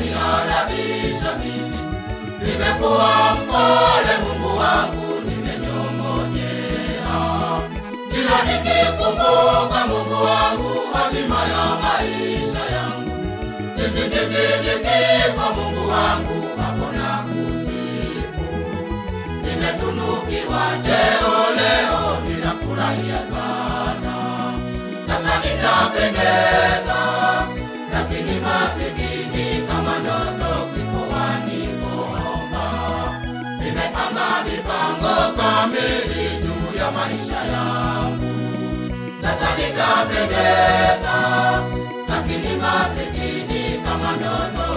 nimejiona vizoni, nimekuwa mpole Mungu wangu, nimenyongonyea. Kila nikikumbuka Mungu wangu, hazima ya maisha yangu, nisikitikitika Mungu wangu, hapo na kusifu. Nimetunukiwa cheo leo, ninafurahia sana, sasa nitapendeza lakini masikini ndoto kifuani kuomba. Nimepanga mipango kamili juu ya maisha yangu, sasa lakini masikini kama ndoto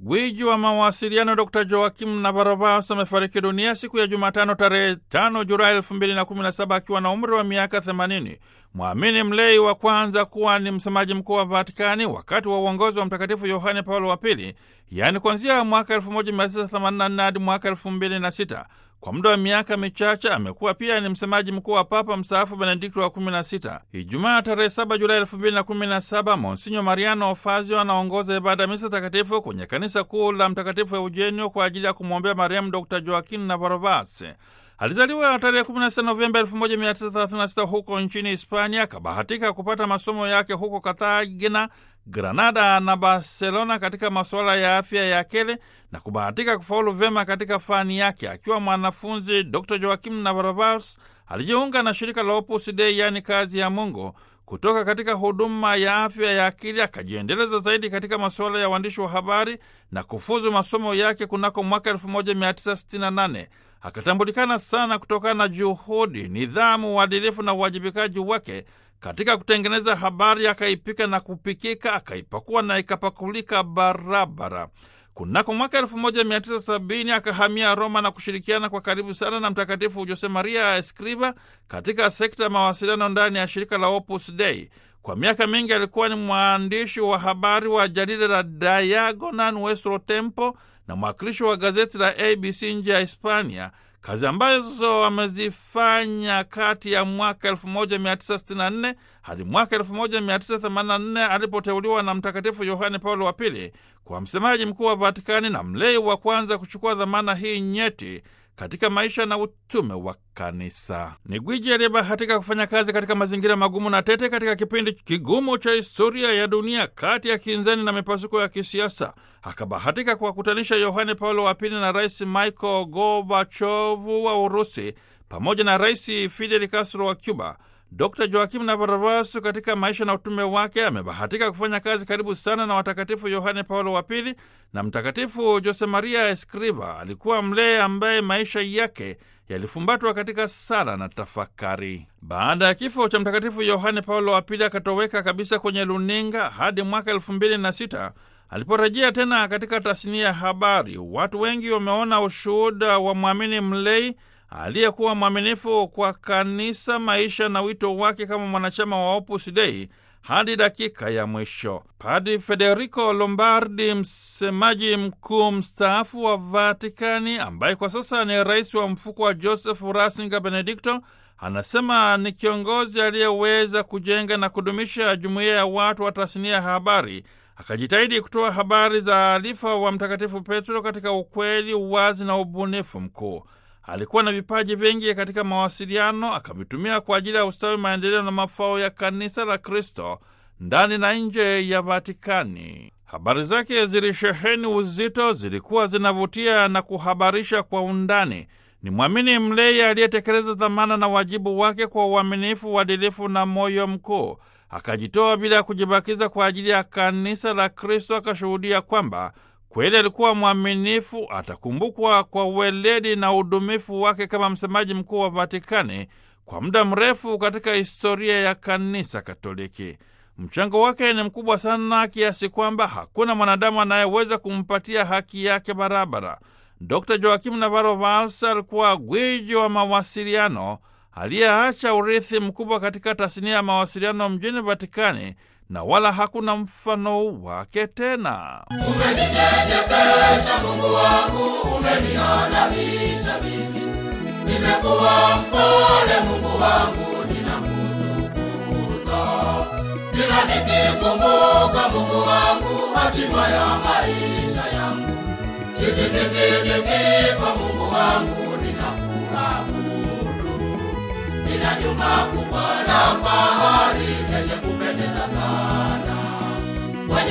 Gwiji wa mawasiliano Dr. Joakim Navarovas amefariki dunia siku ya Jumatano tarehe 5 Julai 2017 akiwa na umri wa miaka 80. Mwamini Mlei wa kwanza kuwa ni msemaji mkuu wa Vatikani wakati wa uongozi wa Mtakatifu Yohane Paulo wa Pili, yaani kuanzia mwaka 1984 hadi mwaka 2006. Kwa muda wa miaka michache amekuwa pia ni msemaji mkuu wa Papa mstaafu Benedikto wa 16. Ijumaa tarehe 7 Julai 2017, Monsinyo Mariano Fazio anaongoza ibada misa takatifu kwenye kanisa kuu la Mtakatifu Eugenio kwa ajili ya kumwombea marehemu Dr Joakin navarovas Alizaliwa tarehe 16 Novemba 1936 huko nchini Hispania. Akabahatika kupata masomo yake huko Kathagina, Granada na Barcelona katika masuala ya afya ya akili na kubahatika kufaulu vyema katika fani yake. Akiwa mwanafunzi, Dr Joakim Navarravals alijiunga na shirika la Opus Dei, yaani kazi ya Mungu. Kutoka katika huduma ya afya ya akili akajiendeleza zaidi katika masuala ya uandishi wa habari na kufuzu masomo yake kunako mwaka 1968 akitambulikana sana kutokana na juhudi, nidhamu, uadilifu na uwajibikaji wake katika kutengeneza habari, akaipika na kupikika, akaipakuwa na ikapakulika barabara. Kunako mwaka 1970 akahamia Roma na kushirikiana kwa karibu sana na Mtakatifu Jose Maria Escriva katika sekta ya mawasiliano ndani ya shirika la Opus Dei. Kwa miaka mingi alikuwa ni mwandishi wa habari wa jarida la Diagonal Nuestro Tempo na mwakilishi wa gazeti la ABC nje ya Hispania, kazi ambazo wamezifanya kati ya mwaka 1964 hadi mwaka 1984 alipoteuliwa na Mtakatifu Yohane Paulo wa Pili kwa msemaji mkuu wa Vatikani na mlei wa kwanza kuchukua dhamana hii nyeti katika maisha na utume wa kanisa. Ni gwiji aliyebahatika kufanya kazi katika mazingira magumu na tete katika kipindi kigumu cha historia ya dunia kati ya kinzani na mipasuko ya kisiasa. Akabahatika kuwakutanisha Yohane Paulo wa Pili na Rais Michael gobachovu wa Urusi pamoja na Rais Fidel Castro wa Cuba Dr Joakim Navaravasu katika maisha na utume wake amebahatika kufanya kazi karibu sana na watakatifu Yohane Paulo wa Pili na Mtakatifu Jose Maria Escriva. Alikuwa mlee ambaye maisha yake yalifumbatwa katika sala na tafakari. Baada ya kifo cha Mtakatifu Yohane Paulo wa Pili, akatoweka kabisa kwenye luninga hadi mwaka elfu mbili na sita aliporejea tena katika tasnia ya habari. Watu wengi wameona ushuhuda wa mwamini mlei aliyekuwa mwaminifu kwa kanisa, maisha na wito wake kama mwanachama wa Opus Dei hadi dakika ya mwisho. Padri Federico Lombardi, msemaji mkuu mstaafu wa Vatikani, ambaye kwa sasa ni rais wa mfuko wa Joseph Rasinga Benedicto, anasema ni kiongozi aliyeweza kujenga na kudumisha jumuiya ya watu wa tasnia ya habari, akajitahidi kutoa habari za alifa wa Mtakatifu Petro katika ukweli, uwazi na ubunifu mkuu. Alikuwa na vipaji vingi katika mawasiliano, akavitumia kwa ajili ya ustawi, maendeleo na mafao ya kanisa la Kristo ndani na nje ya Vatikani. Habari zake zilisheheni uzito, zilikuwa zinavutia na kuhabarisha kwa undani. Ni mwamini mlei aliyetekeleza dhamana na wajibu wake kwa uaminifu, uadilifu na moyo mkuu. Akajitoa bila ya kujibakiza kwa ajili ya kanisa la Kristo, akashuhudia kwamba Kweli alikuwa mwaminifu, atakumbukwa kwa weledi na udumifu wake kama msemaji mkuu wa Vatikani kwa muda mrefu katika historia ya kanisa Katoliki. Mchango wake ni mkubwa sana kiasi kwamba hakuna mwanadamu anayeweza kumpatia haki yake barabara. Dr Joakim Navarro Valsa alikuwa gwiji wa mawasiliano aliyeacha urithi mkubwa katika tasnia ya mawasiliano mjini Vatikani na wala hakuna mfano wake tena. Umeninyenyekesha Mungu wangu, umeniona umeniananisha mimi, nimekuwa mpole Mungu wangu, ninakutukuza. Kila nikikumbuka Mungu wangu, hatima ya maisha yangu, ikikiti nikifa Mungu wangu, ninakuabudu. Nina nyumba kubwa na fahari yenye